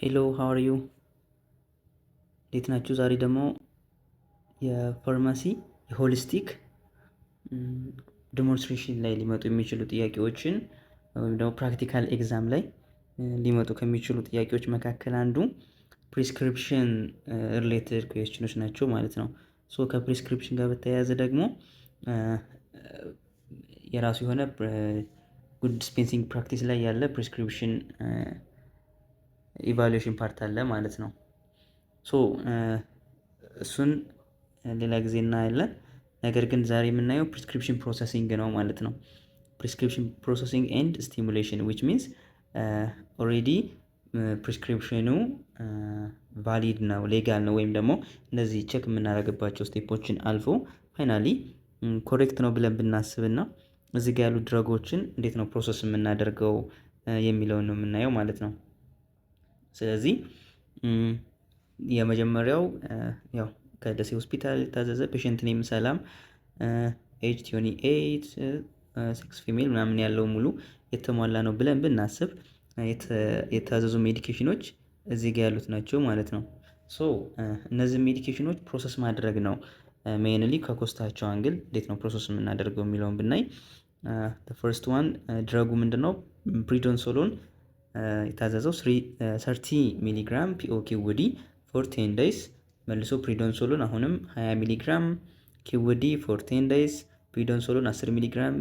ሄሎ ሃው አር ዩ እንዴት ናችሁ? ዛሬ ደግሞ የፋርማሲ የሆሊስቲክ ዲሞንስትሬሽን ላይ ሊመጡ የሚችሉ ጥያቄዎችን ወይም ደግሞ ፕራክቲካል ኤግዛም ላይ ሊመጡ ከሚችሉ ጥያቄዎች መካከል አንዱ ፕሪስክሪፕሽን ሪሌትድ ኩዌስችኖች ናቸው ማለት ነው። ሶ ከፕሪስክሪፕሽን ጋር በተያያዘ ደግሞ የራሱ የሆነ ጉድ ዲስፔንሲንግ ፕራክቲስ ላይ ያለ ፕሪስክሪፕሽን ኢቫሉዌሽን ፓርት አለ ማለት ነው። ሶ እሱን ሌላ ጊዜ እናያለን። ነገር ግን ዛሬ የምናየው ፕሪስክሪፕሽን ፕሮሰሲንግ ነው ማለት ነው። ፕሪስክሪፕሽን ፕሮሰሲንግ ኤንድ ስቲሙሌሽን ዊች ሚንስ ኦልሬዲ ፕሪስክሪፕሽኑ ቫሊድ ነው ሌጋል ነው ወይም ደግሞ እነዚህ ቼክ የምናደርግባቸው ስቴፖችን አልፎ ፋይናሊ ኮሬክት ነው ብለን ብናስብና እዚህ ጋ ያሉ ድረጎችን እንዴት ነው ፕሮሰስ የምናደርገው የሚለውን ነው የምናየው ማለት ነው። ስለዚህ የመጀመሪያው ያው ከደሴ ሆስፒታል የታዘዘ ፔሽንት ኔም ሰላም ኤጅ ቲዮኒ ኤት ሴክስ ፊሜል ምናምን ያለው ሙሉ የተሟላ ነው ብለን ብናስብ የታዘዙ ሜዲኬሽኖች እዚህ ጋ ያሉት ናቸው ማለት ነው። ሶ እነዚህ ሜዲኬሽኖች ፕሮሰስ ማድረግ ነው ሜይንሊ ከኮስታቸው አንግል እንዴት ነው ፕሮሰስ የምናደርገው የሚለውን ብናይ ፈርስት ዋን ድረጉ ምንድነው ፕሪዶንሶሎን የታዘዘው ሰርቲ ሚሊግራም ፒኦኪ ውዲ ፎር ቴን ዴይስ መልሶ ፕሪዶንሶሎን አሁንም 20 ሚሊግራም ኪውዲ ፎር ቴን ዴይስ ፕሪዶንሶሉን 10 ሚሊግራም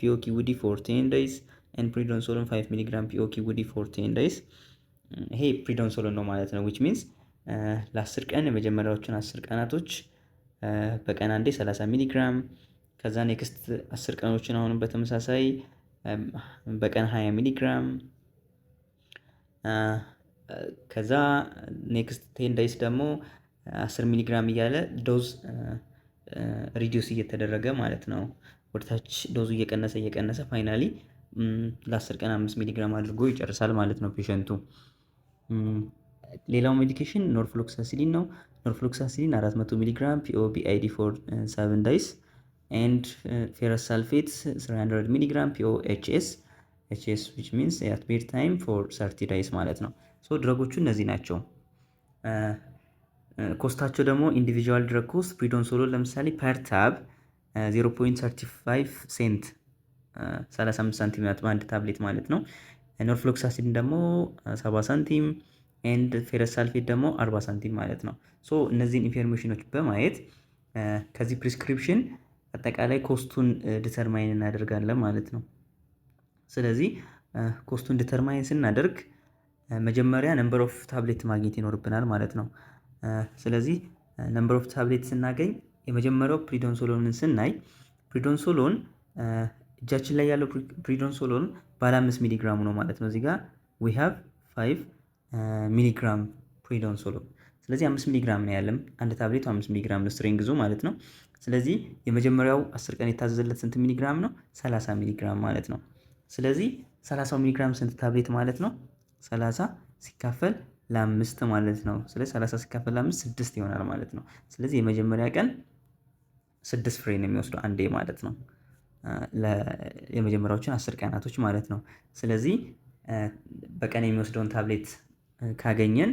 ፒኦኪ ውዲ ፎር ቴን ዴይስ ኤንድ ፕሪዶንሶሉን 5 ሚሊግራም ፒኦኪ ውዲ ፎር ቴን ዴይስ ይሄ ፕሪዶንሶሎን ነው ማለት ነው ዊች ሚንስ ለ10 ቀን የመጀመሪያዎቹን 10 ቀናቶች በቀን አንዴ 30 ሚሊግራም ከዛ ኔክስት 10 ቀኖችን አሁንም በተመሳሳይ በቀን 20 ሚሊግራም ከዛ ኔክስት ቴን ዳይስ ደግሞ ሚሊ ሚሊግራም እያለ ዶዝ ሪዲዩስ እየተደረገ ማለት ነው። ወደታች ዶዙ እየቀነሰ እየቀነሰ ፋይናሊ ለ ለ10 ቀን አምስት ሚሊግራም አድርጎ ይጨርሳል ማለት ነው ፔሸንቱ። ሌላው ሜዲኬሽን ኖርፍሎክሳሲሊን ነው። ኖርፍሎክሳሲሊን 400 ሚሊግራም ፒኦቢ አይዲ ፎር ሰቨን ዳይስ ኤንድ ፌረስ ሳልፌት 300 ሚሊግራም ፒኦኤችኤስ ኤች ኤስ ዊች ሚንስ አት ቤድ ታይም ፎር ሰርቲ ዳይስ ማለት ነው። ሶ ድረጎቹ እነዚህ ናቸው። ኮስታቸው uh, uh, ደግሞ ኢንዲቪዥዋል ድረግ ኮስት ሶሎ ለምሳሌ ፐር ታብ 0.35 ሴንት 35 ሳንቲም ናት በአንድ ታብሌት ማለት ነው። ኖርፍሎክስ አሲድን ደግሞ 70 uh, ሳንቲም ኤንድ ፌረስ ሳልፌት ደግሞ 40 ሳንቲም ማለት ነው። ሶ እነዚህን ኢንፎርሜሽኖች በማየት ከዚህ ፕሪስክሪፕሽን አጠቃላይ ኮስቱን ዲተርማይን እናደርጋለን ማለት ነው። ስለዚህ ኮስቱን ዲተርማይን ስናደርግ መጀመሪያ ነምበር ኦፍ ታብሌት ማግኘት ይኖርብናል ማለት ነው። ስለዚህ ነምበር ኦፍ ታብሌት ስናገኝ የመጀመሪያው ፕሪዶንሶሎንን ስናይ ፕሪዶንሶሎን እጃችን ላይ ያለው ፕሪዶንሶሎን ባለ አምስት ሚሊግራም ነው ማለት ነው። እዚህ ጋር ዊ ሃቭ ፋይቭ ሚሊግራም ፕሪዶንሶሎን ስለዚህ አምስት ሚሊግራም ነው ያለም አንድ ታብሌቱ አምስት ሚሊግራም ነው ስትሪንግዙ ማለት ነው። ስለዚህ የመጀመሪያው አስር ቀን የታዘዘለት ስንት ሚሊግራም ነው? ሰላሳ ሚሊግራም ማለት ነው። ስለዚህ 30 ሚሊግራም ስንት ታብሌት ማለት ነው? 30 ሲካፈል ለአምስት ማለት ነው። ስለዚህ 30 ሲካፈል ለአምስት ስድስት ይሆናል ማለት ነው። ስለዚህ የመጀመሪያ ቀን ስድስት ፍሬ ነው የሚወስደው አንዴ ማለት ነው። የመጀመሪያዎችን አስር ቀናቶች ማለት ነው። ስለዚህ በቀን የሚወስደውን ታብሌት ካገኘን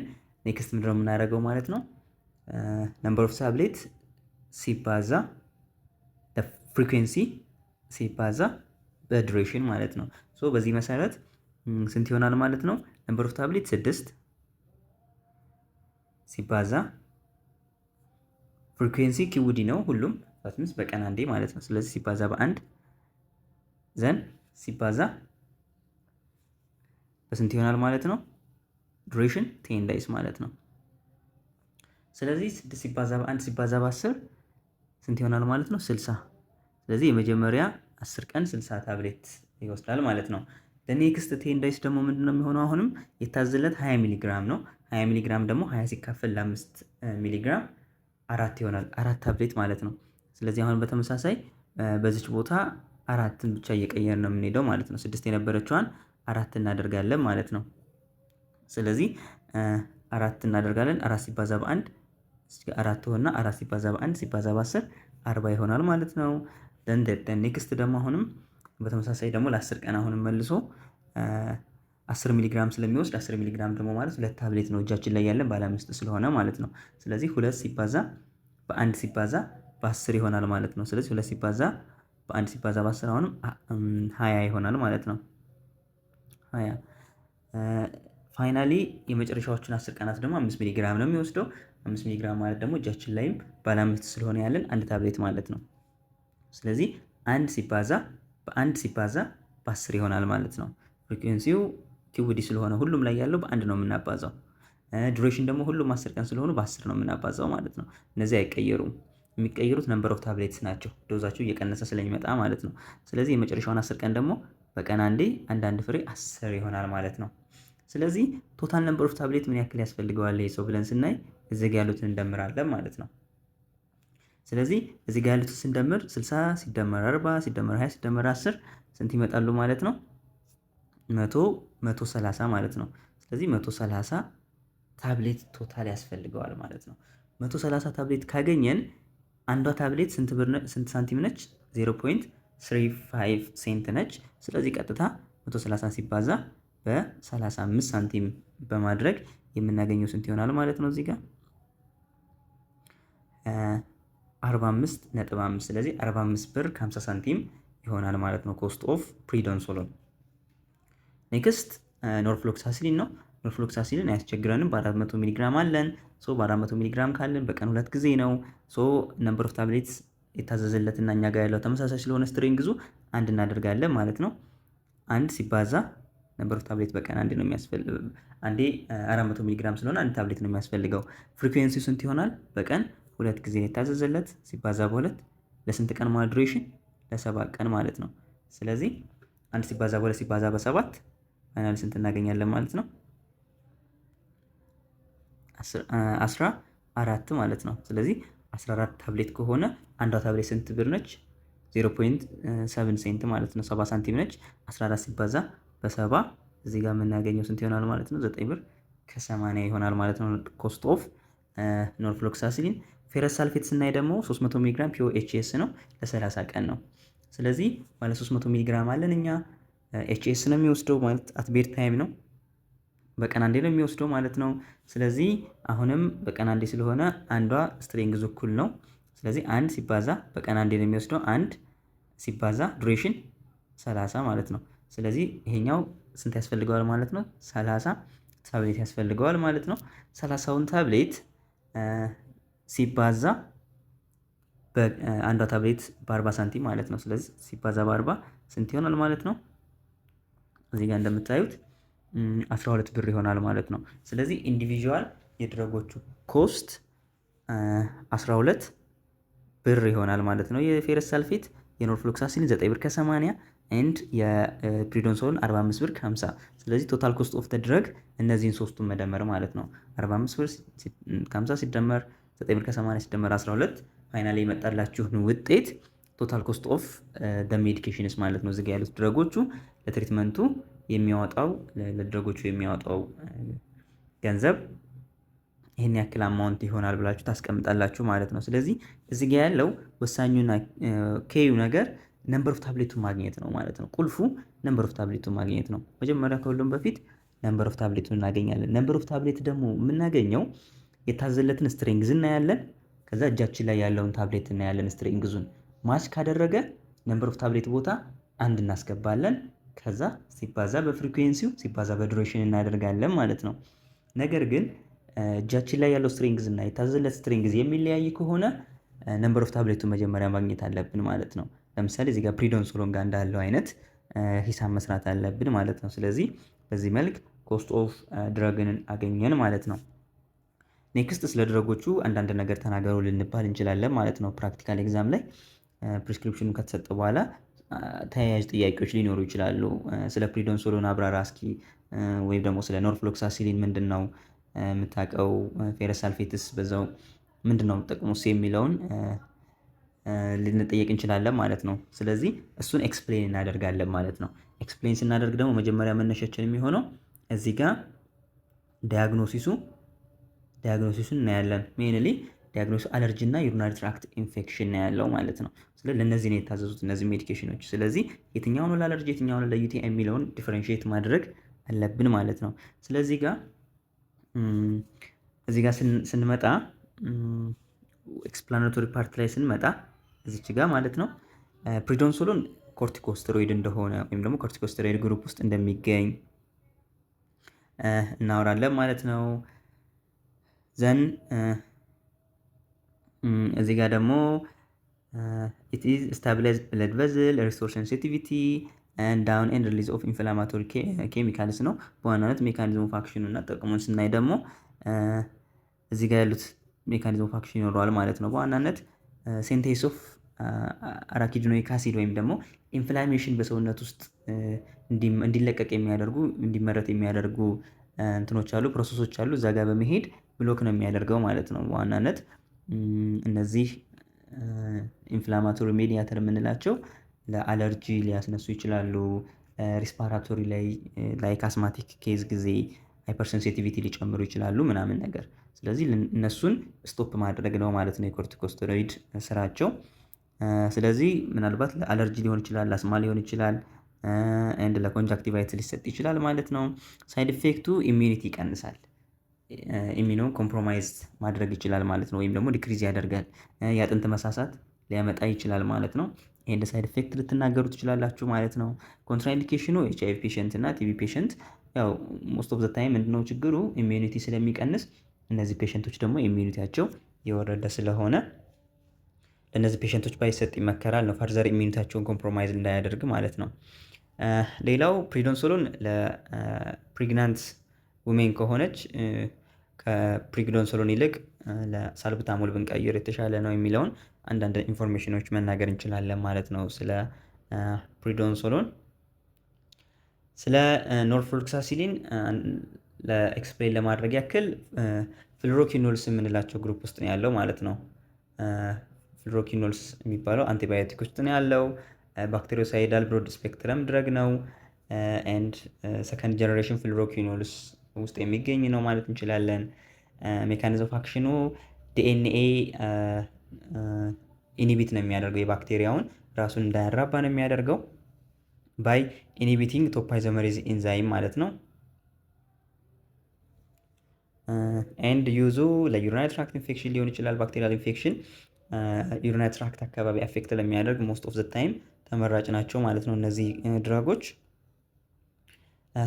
ኔክስት ምንድን ነው የምናደርገው ማለት ነው? ነምበር ኦፍ ታብሌት ሲባዛ ፍሪኩዌንሲ ሲባዛ በዱሬሽን ማለት ነው። ሶ በዚህ መሰረት ስንት ይሆናል ማለት ነው? ነምበር ኦፍ ታብሌት ስድስት ሲባዛ ፍሪኩዌንሲ ኪውዲ ነው ሁሉም አምስት በቀን አንዴ ማለት ነው። ስለዚህ ሲባዛ በአንድ ዘን ሲባዛ በስንት ይሆናል ማለት ነው? ዱሬሽን ቴን ዳይስ ማለት ነው። ስለዚህ ስድስት ሲባዛ በአንድ ሲባዛ በአስር ስንት ይሆናል ማለት ነው? ስልሳ ስለዚህ የመጀመሪያ 10 ቀን 60 ታብሌት ይወስዳል ማለት ነው። ኔክስት ቴን ዳይስ ደግሞ ምንድነው የሚሆነው? አሁንም የታዘለት 20 ሚሊግራም ነው። 20 ሚሊግራም ደግሞ 20 ሲካፈል ለአምስት ሚሊግራም አራት ይሆናል። አራት ታብሌት ማለት ነው። ስለዚህ አሁን በተመሳሳይ በዚች ቦታ አራትን ብቻ እየቀየር ነው የምንሄደው ማለት ነው። ስድስት የነበረችዋን አራት እናደርጋለን ማለት ነው። ስለዚህ አራት እናደርጋለን። አራት ሲባዛ በአንድ አራት ሆና አራት ሲባዛ በአንድ ሲባዛ በአስር አርባ ይሆናል ማለት ነው። ደን ኔክስት ደግሞ አሁንም በተመሳሳይ ደግሞ ለአስር ቀን አሁንም መልሶ አስር ሚሊግራም ስለሚወስድ አስር ሚሊግራም ደግሞ ማለት ሁለት ታብሌት ነው እጃችን ላይ ያለን ባለ አምስት ስለሆነ ማለት ነው። ስለዚህ ሁለት ሲባዛ በአንድ ሲባዛ በአስር ይሆናል ማለት ነው። ስለዚህ ሁለት ሲባዛ በአንድ ሲባዛ በአስር አሁንም ሀያ ይሆናል ማለት ነው። ሀያ ፋይናሊ የመጨረሻዎችን አስር ቀናት ደግሞ አምስት ሚሊግራም ነው የሚወስደው። አምስት ሚሊግራም ማለት ደግሞ እጃችን ላይም ባለ አምስት ስለሆነ ያለን አንድ ታብሌት ማለት ነው። ስለዚህ አንድ ሲባዛ በአንድ ሲባዛ በአስር ይሆናል ማለት ነው። ፍሪኩዌንሲው ቲውዲ ስለሆነ ሁሉም ላይ ያለው በአንድ ነው የምናባዛው። ዱሬሽን ደግሞ ሁሉም አስር ቀን ስለሆኑ በአስር ነው የምናባዛው ማለት ነው። እነዚህ አይቀየሩም። የሚቀየሩት ነምበር ኦፍ ታብሌትስ ናቸው ዶዛቸው እየቀነሰ ስለሚመጣ ማለት ነው። ስለዚህ የመጨረሻውን አስር ቀን ደግሞ በቀን አንዴ አንዳንድ ፍሬ አስር ይሆናል ማለት ነው። ስለዚህ ቶታል ነምበር ኦፍ ታብሌት ምን ያክል ያስፈልገዋል ይሄ ሰው ብለን ስናይ እዚህ ጋ ያሉትን እንደምራለን ማለት ነው። ስለዚህ እዚህ ጋር ያሉት ስንደምር 60 ሲደመር 40 ሲደመር 20 ሲደመር 10 ስንት ይመጣሉ ማለት ነው? 100 130 ማለት ነው። ስለዚህ መቶ ታብሌት ቶታል ያስፈልገዋል ማለት ነው። መቶ ታብሌት ካገኘን አንዷ ታብሌት ስንት ስንት ሳንቲም ነች? 0.35 ሴንት ነች። ስለዚህ ቀጥታ 130 ሲባዛ በ35 ሳንቲም በማድረግ የምናገኘው ስንት ይሆናል ማለት ነው እዚህ ጋር 45 ነጥብ 5 ስለዚህ 45 ብር 50 ሳንቲም ይሆናል ማለት ነው። ኮስት ኦፍ ፕሪዶንሶሎን። ኔክስት ኖርፍሎክሳሲሊን ነው። ኖርፍሎክሳሲሊን አያስቸግረንም። በ400 ሚሊግራም አለን። ሶ በ400 ሚሊግራም ካለን በቀን ሁለት ጊዜ ነው። ሶ ነምበር ኦፍ ታብሌትስ የታዘዘለትና እኛ ጋር ያለው ተመሳሳይ ስለሆነ ስትሪንግዙ አንድ እናደርጋለን ማለት ነው። አንድ ሲባዛ ነምበር ኦፍ ታብሌት በቀን አንድ ነው የሚያስፈልገው። አንዴ 400 ሚሊግራም ስለሆነ አንድ ታብሌት ነው የሚያስፈልገው። ፍሪኩዌንሲው ስንት ይሆናል በቀን ሁለት ጊዜ ነው የታዘዘለት ሲባዛ በሁለት ለስንት ቀን ማለት ዱሬሽን ለሰባት ቀን ማለት ነው። ስለዚህ አንድ ሲባዛ በሁለት ሲባዛ በሰባት ፋይናል ስንት እናገኛለን ማለት ነው? አስራ አራት ማለት ነው። ስለዚህ አስራ አራት ታብሌት ከሆነ አንዷ ታብሌት ስንት ብር ነች? 0.7 ሴንት ማለት ነው። ሰባ ሳንቲም ነች። 14 ሲባዛ በሰባ እዚህ ጋር የምናገኘው ስንት ይሆናል ማለት ነው? ዘጠኝ ብር ከ ይሆናል ማለት ነው። ኮስት ኦፍ ኖርፍሎክሳሲሊን ፌረስ ሳልፌት ስናይ ደግሞ 300 ሚሊግራም ኤስ ነው ለ30 ቀን ነው። ስለዚህ ባለ 300 ሚሊግራም አለን እኛ ኤስ ነው የሚወስደው ማለት አት ቤድ ታይም ነው። በቀን አንዴ ነው የሚወስደው ማለት ነው። ስለዚህ አሁንም በቀን አንዴ ስለሆነ አንዷ ስትሪንግዝ እኩል ነው። ስለዚህ አንድ ሲባዛ በቀን አንዴ ነው የሚወስደው አንድ ሲባዛ ዱሬሽን 30 ማለት ነው። ስለዚህ ይሄኛው ስንት ያስፈልገዋል ማለት ነው? 30 ታብሌት ያስፈልገዋል ማለት ነው። 30ውን ታብሌት ሲባዛ አንዷ ታብሌት በአርባ ሳንቲም ማለት ነው። ስለዚህ ሲባዛ በአርባ ስንት ይሆናል ማለት ነው? እዚህ ጋር እንደምታዩት 12 ብር ይሆናል ማለት ነው። ስለዚህ ኢንዲቪዥዋል የድረጎቹ ኮስት 12 ብር ይሆናል ማለት ነው። የፌረስ ሳልፌት የኖርፍሎክሳሲን 9 ብር ከ80 ኤንድ የፕሪዶንሶልን 45 ብር ከ50 ስለዚህ ቶታል ኮስት ኦፍ ተድረግ እነዚህን ሶስቱን መደመር ማለት ነው 45 ብር ከ50 ሲደመር 9 ብር ከ80 ሲደመር 12 ፋይናል የመጣላችሁን ውጤት ቶታል ኮስት ኦፍ ደ ሜዲኬሽንስ ማለት ነው። እዚጋ ያሉት ድረጎቹ ለትሪትመንቱ የሚያወጣው ለድረጎቹ የሚያወጣው ገንዘብ ይህን ያክል አማውንት ይሆናል ብላችሁ ታስቀምጣላችሁ ማለት ነው። ስለዚህ እዚጋ ያለው ወሳኙና ኬዩ ነገር ነምበር ኦፍ ታብሌቱን ማግኘት ነው ማለት ነው። ቁልፉ ነምበር ኦፍ ታብሌቱን ማግኘት ነው። መጀመሪያ ከሁሉም በፊት ነምበር ኦፍ ታብሌቱን እናገኛለን። ነምበር ኦፍ ታብሌት ደግሞ የምናገኘው የታዘለትን ስትሪንግዝ እናያለን። ከዛ እጃችን ላይ ያለውን ታብሌት እናያለን። ስትሪንግዙን ማች ካደረገ ነምበር ኦፍ ታብሌት ቦታ አንድ እናስገባለን። ከዛ ሲባዛ በፍሪኩዌንሲው ሲባዛ በዱሬሽን እናደርጋለን ማለት ነው። ነገር ግን እጃችን ላይ ያለው ስትሪንግዝ እና የታዘለት ስትሪንግዝ የሚለያይ ከሆነ ነምበር ኦፍ ታብሌቱን መጀመሪያ ማግኘት አለብን ማለት ነው። ለምሳሌ እዚህ ጋር ፕሪዶን ሶሎንጋ እንዳለው አይነት ሂሳብ መስራት አለብን ማለት ነው። ስለዚህ በዚህ መልክ ኮስት ኦፍ ድራግንን አገኘን ማለት ነው። ኔክስት ስለ ድረጎቹ አንዳንድ ነገር ተናገሩ ልንባል እንችላለን ማለት ነው። ፕራክቲካል ኤግዛም ላይ ፕሪስክሪፕሽኑ ከተሰጠ በኋላ ተያያዥ ጥያቄዎች ሊኖሩ ይችላሉ። ስለ ፕሪዶንሶሎን አብራራ እስኪ፣ ወይም ደግሞ ስለ ኖርፍሎክሳሲሊን ምንድን ነው የምታውቀው? ፌረስ በዛው ምንድን ነው ጥቅሙስ የሚለውን ልንጠየቅ እንችላለን ማለት ነው። ስለዚህ እሱን ኤክስፕሌን እናደርጋለን ማለት ነው። ኤክስፕሌን ስናደርግ ደግሞ መጀመሪያ መነሻችን የሚሆነው እዚህ ጋር ዳያግኖሲሱ ዲያግኖሲሱን እናያለን። ሜንሊ ዲያግኖሲ አለርጂ እና ዩሪናሪ ትራክት ኢንፌክሽን ነው ያለው ማለት ነው። ስለዚህ ለእነዚህ ነው የታዘዙት እነዚህ ሜዲኬሽኖች። ስለዚህ የትኛው ነው ለአለርጂ የትኛው ነው ለዩቲ የሚለውን ዲፈረንሽት ማድረግ አለብን ማለት ነው። ስለዚህ ጋር እዚህ ጋር ስንመጣ ኤክስፕላናቶሪ ፓርት ላይ ስንመጣ እዚች ጋር ማለት ነው ፕሪዶንሶሎን ኮርቲኮስትሮይድ እንደሆነ ወይም ደግሞ ኮርቲኮስትሮይድ ግሩፕ ውስጥ እንደሚገኝ እናወራለን ማለት ነው። ዘን እዚህ ጋር ደግሞ ኢት ኢዝ ስታብላይዝ ብለድ ቨዝል ሪስቶር ሴንሲቲቪቲ ዳውን ኤንድ ሪሊዝ ኦፍ ኢንፍላማቶሪ ኬሚካልስ ነው። በዋናነት ሜካኒዝሙ ኦፍ አክሽኑ እና ጥቅሙን ስናይ ደግሞ እዚህ ጋር ያሉት ሜካኒዝም ኦፍ ይኖረዋል ማለት ነው። በዋናነት ሴንቴስ ኦፍ አራኪድኖይክ አሲድ ወይም ደግሞ ኢንፍላሜሽን በሰውነት ውስጥ እንዲለቀቅ የሚያደርጉ እንዲመረት የሚያደርጉ እንትኖች አሉ፣ ፕሮሰሶች አሉ። እዛ ጋር በመሄድ ብሎክ ነው የሚያደርገው ማለት ነው። በዋናነት እነዚህ ኢንፍላማቶሪ ሜዲያተር የምንላቸው ለአለርጂ ሊያስነሱ ይችላሉ። ሪስፓራቶሪ ላይ ላይክ አስማቲክ ኬዝ ጊዜ ሃይፐርሴንሲቲቪቲ ሊጨምሩ ይችላሉ ምናምን ነገር። ስለዚህ እነሱን ስቶፕ ማድረግ ነው ማለት ነው የኮርቲኮስቴሮይድ ስራቸው። ስለዚህ ምናልባት ለአለርጂ ሊሆን ይችላል፣ ለአስማ ሊሆን ይችላል ኤንድ ለኮንጃክቲቫይት ሊሰጥ ይችላል ማለት ነው። ሳይድ ኢፌክቱ ኢሚኒቲ ይቀንሳል። ኢሚኖን ኮምፕሮማይዝ ማድረግ ይችላል ማለት ነው። ወይም ደግሞ ዲክሪዝ ያደርጋል የአጥንት መሳሳት ሊያመጣ ይችላል ማለት ነው። ይሄን ሳይድ ኢፌክት ልትናገሩ ትችላላችሁ ማለት ነው። ኮንትራኢንዲኬሽኑ ኤች አይቪ ፔሽንት እና ቲቪ ፔሽንት ያው ሞስት ኦፍ ዘ ታይም ምንድነው ችግሩ ኢሚዩኒቲ ስለሚቀንስ እነዚህ ፔሽንቶች ደግሞ ኢሚኒቲያቸው የወረደ ስለሆነ ለእነዚህ ፔሽንቶች ባይሰጥ ይመከራል ነው ፈርዘር ኢሚኒቲያቸውን ኮምፕሮማይዝ እንዳያደርግ ማለት ነው። ሌላው ፕሪዶንሶሎን ለፕሪግናንት ውሜን ከሆነች ከፕሪግዶንሶሎን ይልቅ ለሳልብታሞል ብንቀይር የተሻለ ነው የሚለውን አንዳንድ ኢንፎርሜሽኖች መናገር እንችላለን ማለት ነው ስለ ፕሪዶንሶሎን። ስለ ኖርፍሎክሳሲሊን ለኤክስፕሌን ለማድረግ ያክል ፍሎሮኪኖልስ የምንላቸው ግሩፕ ውስጥ ነው ያለው ማለት ነው። ፍሎሮኪኖልስ የሚባለው አንቲባዮቲክ ውስጥ ነው ያለው። ባክቴሪዮሳይዳል ብሮድ ስፔክትረም ድረግ ነው። ኤንድ ሰከንድ ጀኔሬሽን ፍሎሮኪኖልስ ውስጥ የሚገኝ ነው ማለት እንችላለን። ሜካኒዝም ፋክሽኑ ዲኤንኤ ኢኒቢት ነው የሚያደርገው የባክቴሪያውን ራሱን እንዳያራባ ነው የሚያደርገው ባይ ኢኒቢቲንግ ቶፓይዘመሪዝ ኢንዛይም ማለት ነው። ኤንድ ዩዙ ለዩሪናሪ ትራክት ኢንፌክሽን ሊሆን ይችላል። ባክቴሪያል ኢንፌክሽን ዩሪናሪ ትራክት አካባቢ አፌክት ለሚያደርግ ሞስት ኦፍ ዘ ታይም ተመራጭ ናቸው ማለት ነው እነዚህ ድራጎች።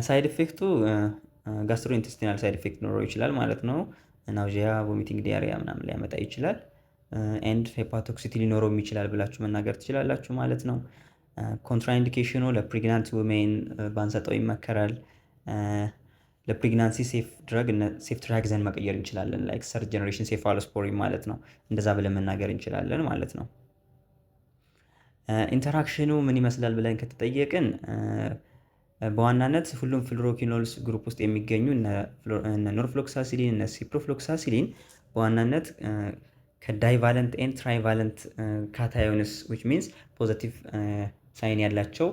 ሳይድ ኢፌክቱ ጋስትሮ ኢንቴስቲናል ሳይድ ኢፌክት ኖሮ ይችላል ማለት ነው። ናውዚያ፣ ቮሚቲንግ፣ ዲያሪያ ምናምን ሊያመጣ ይችላል። ኤንድ ሄፓቶክሲቲ ሊኖረው ይችላል ብላችሁ መናገር ትችላላችሁ ማለት ነው። ኮንትራኢንዲኬሽኑ ለፕሪግናንት ውሜን ባንሰጠው ይመከራል። ለፕሬግናንሲ ሴፍ ድራግ ሴፍ መቀየር እንችላለን። ላይክ ሰርድ ጀኔሬሽን ሴፋሎስፖሪን ማለት ነው። እንደዛ ብለን መናገር እንችላለን ማለት ነው። ኢንተራክሽኑ ምን ይመስላል ብለን ከተጠየቅን በዋናነት ሁሉም ፍሎሮኪኖልስ ግሩፕ ውስጥ የሚገኙ እነ ኖርፍሎክሳሲሊን እነ ሲፕሮፍሎክሳሲሊን በዋናነት ከዳይቫለንት ኤንድ ትራይቫለንት ካታዮንስ ዊች ሚንስ ፖዘቲቭ ሳይን ያላቸው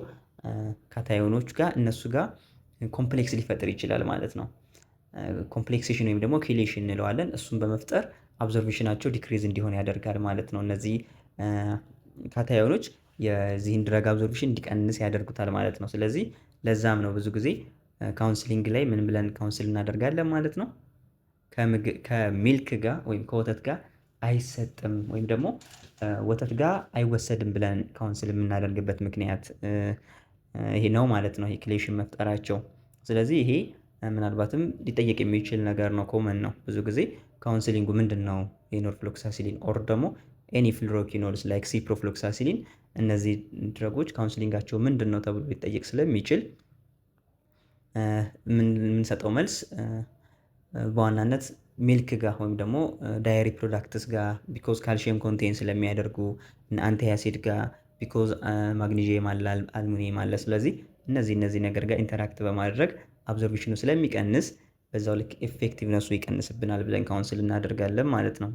ካታዮኖች ጋር እነሱ ጋር ኮምፕሌክስ ሊፈጥር ይችላል ማለት ነው። ኮምፕሌክሴሽን ወይም ደግሞ ኪሌሽን እንለዋለን። እሱን በመፍጠር አብዘርቬሽናቸው ዲክሪዝ እንዲሆን ያደርጋል ማለት ነው። እነዚህ ካታዮኖች የዚህን ድረግ አብዞርፕሽን እንዲቀንስ ያደርጉታል ማለት ነው። ስለዚህ ለዛም ነው ብዙ ጊዜ ካውንስሊንግ ላይ ምን ብለን ካውንስል እናደርጋለን ማለት ነው። ከሚልክ ጋር ወይም ከወተት ጋር አይሰጥም ወይም ደግሞ ወተት ጋር አይወሰድም ብለን ካውንስል የምናደርግበት ምክንያት ይሄ ነው ማለት ነው። ክሌሽን መፍጠራቸው። ስለዚህ ይሄ ምናልባትም ሊጠየቅ የሚችል ነገር ነው። ኮመን ነው። ብዙ ጊዜ ካውንስሊንጉ ምንድን ነው የኖርፍሎክሳሲሊን ኦር ደግሞ ኤኒ ላይክ ሲፕሮፍሎክሳሲሊን እነዚህ ድረጎች ካውንስሊንጋቸው ምንድን ነው ተብሎ ሊጠየቅ ስለሚችል የምንሰጠው መልስ በዋናነት ሚልክ ጋር ወይም ደግሞ ዳይሪ ፕሮዳክትስ ጋር ቢኮዝ ካልሽየም ኮንቴን ስለሚያደርጉ አንቲያሲድ ጋር ቢኮዝ ማግኒዥየም አለ አልሙኒየም አለ። ስለዚህ እነዚህ እነዚህ ነገር ጋር ኢንተራክት በማድረግ አብዞርቬሽኑ ስለሚቀንስ በዛው ልክ ኤፌክቲቭነሱ ይቀንስብናል ብለን ካውንስል እናደርጋለን ማለት ነው።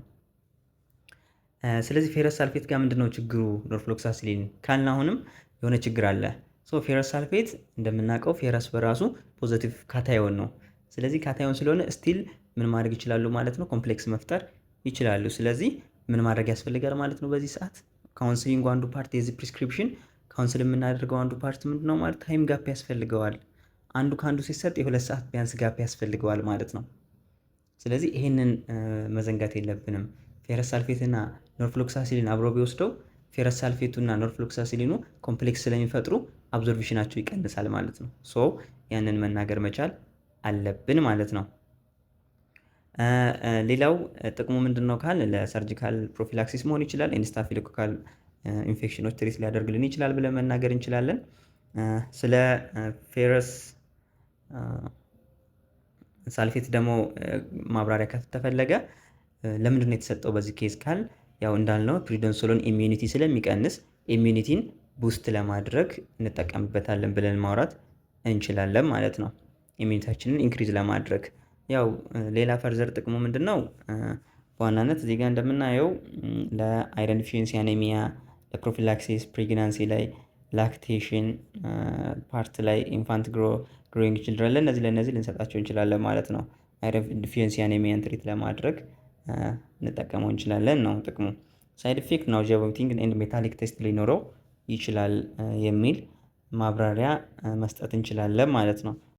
ስለዚህ ፌረስ ሳልፌት ጋር ምንድነው ችግሩ? ኖርፍሎክሳሲሊን ካልን አሁንም የሆነ ችግር አለ። ሶ ፌረስ ሳልፌት እንደምናውቀው ፌረስ በራሱ ፖዘቲቭ ካታዮን ነው። ስለዚህ ካታዮን ስለሆነ ስቲል ምን ማድረግ ይችላሉ ማለት ነው? ኮምፕሌክስ መፍጠር ይችላሉ። ስለዚህ ምን ማድረግ ያስፈልጋል ማለት ነው? በዚህ ሰዓት ካውንስሊንግ አንዱ ፓርት የዚህ ፕሪስክሪፕሽን ካውንስል የምናደርገው አንዱ ፓርት ምንድነው ማለት ታይም ጋፕ ያስፈልገዋል። አንዱ ከአንዱ ሲሰጥ የሁለት ሰዓት ቢያንስ ጋፕ ያስፈልገዋል ማለት ነው። ስለዚህ ይህንን መዘንጋት የለብንም። ፌረስ ሳልፌትና ኖርፍሎክሳሲሊን አብሮ ቢወስደው ፌረስ ሳልፌቱ እና ኖርፍሎክሳሲሊኑ ኮምፕሌክስ ስለሚፈጥሩ አብዞርቬሽናቸው ይቀንሳል ማለት ነው። ሶ ያንን መናገር መቻል አለብን ማለት ነው። ሌላው ጥቅሙ ምንድን ነው ካል ለሰርጂካል ፕሮፊላክሲስ መሆን ይችላል። ኢንስታፊሎኮካል ኢንፌክሽኖች ትሪት ሊያደርግልን ይችላል ብለን መናገር እንችላለን። ስለ ፌረስ ሳልፌት ደግሞ ማብራሪያ ከተፈለገ ለምንድን ነው የተሰጠው በዚህ ኬዝ ካል ያው እንዳልነው ፕሪዶንሶሎን ኢሚኒቲ ስለሚቀንስ ኢሚኒቲን ቡስት ለማድረግ እንጠቀምበታለን ብለን ማውራት እንችላለን ማለት ነው። ኢሚዩኒታችንን ኢንክሪዝ ለማድረግ ያው ሌላ ፈርዘር ጥቅሙ ምንድን ነው? በዋናነት እዚጋ እንደምናየው ለአይረን ዲፊሽንሲ አኔሚያ፣ ለፕሮፊላክሲስ፣ ፕሬግናንሲ ላይ፣ ላክቴሽን ፓርት ላይ፣ ኢንፋንት ግሮ ግሮዊንግ ችልድረን ለእነዚህ ለእነዚህ ልንሰጣቸው እንችላለን ማለት ነው። አይረን ዲፊሽንሲ አኔሚያን ትሪት ለማድረግ እንጠቀመው እንችላለን ነው ጥቅሙ። ሳይድ ኢፌክት ነው ቮሚቲንግ ኤንድ ሜታሊክ ቴስት ሊኖረው ይችላል የሚል ማብራሪያ መስጠት እንችላለን ማለት ነው።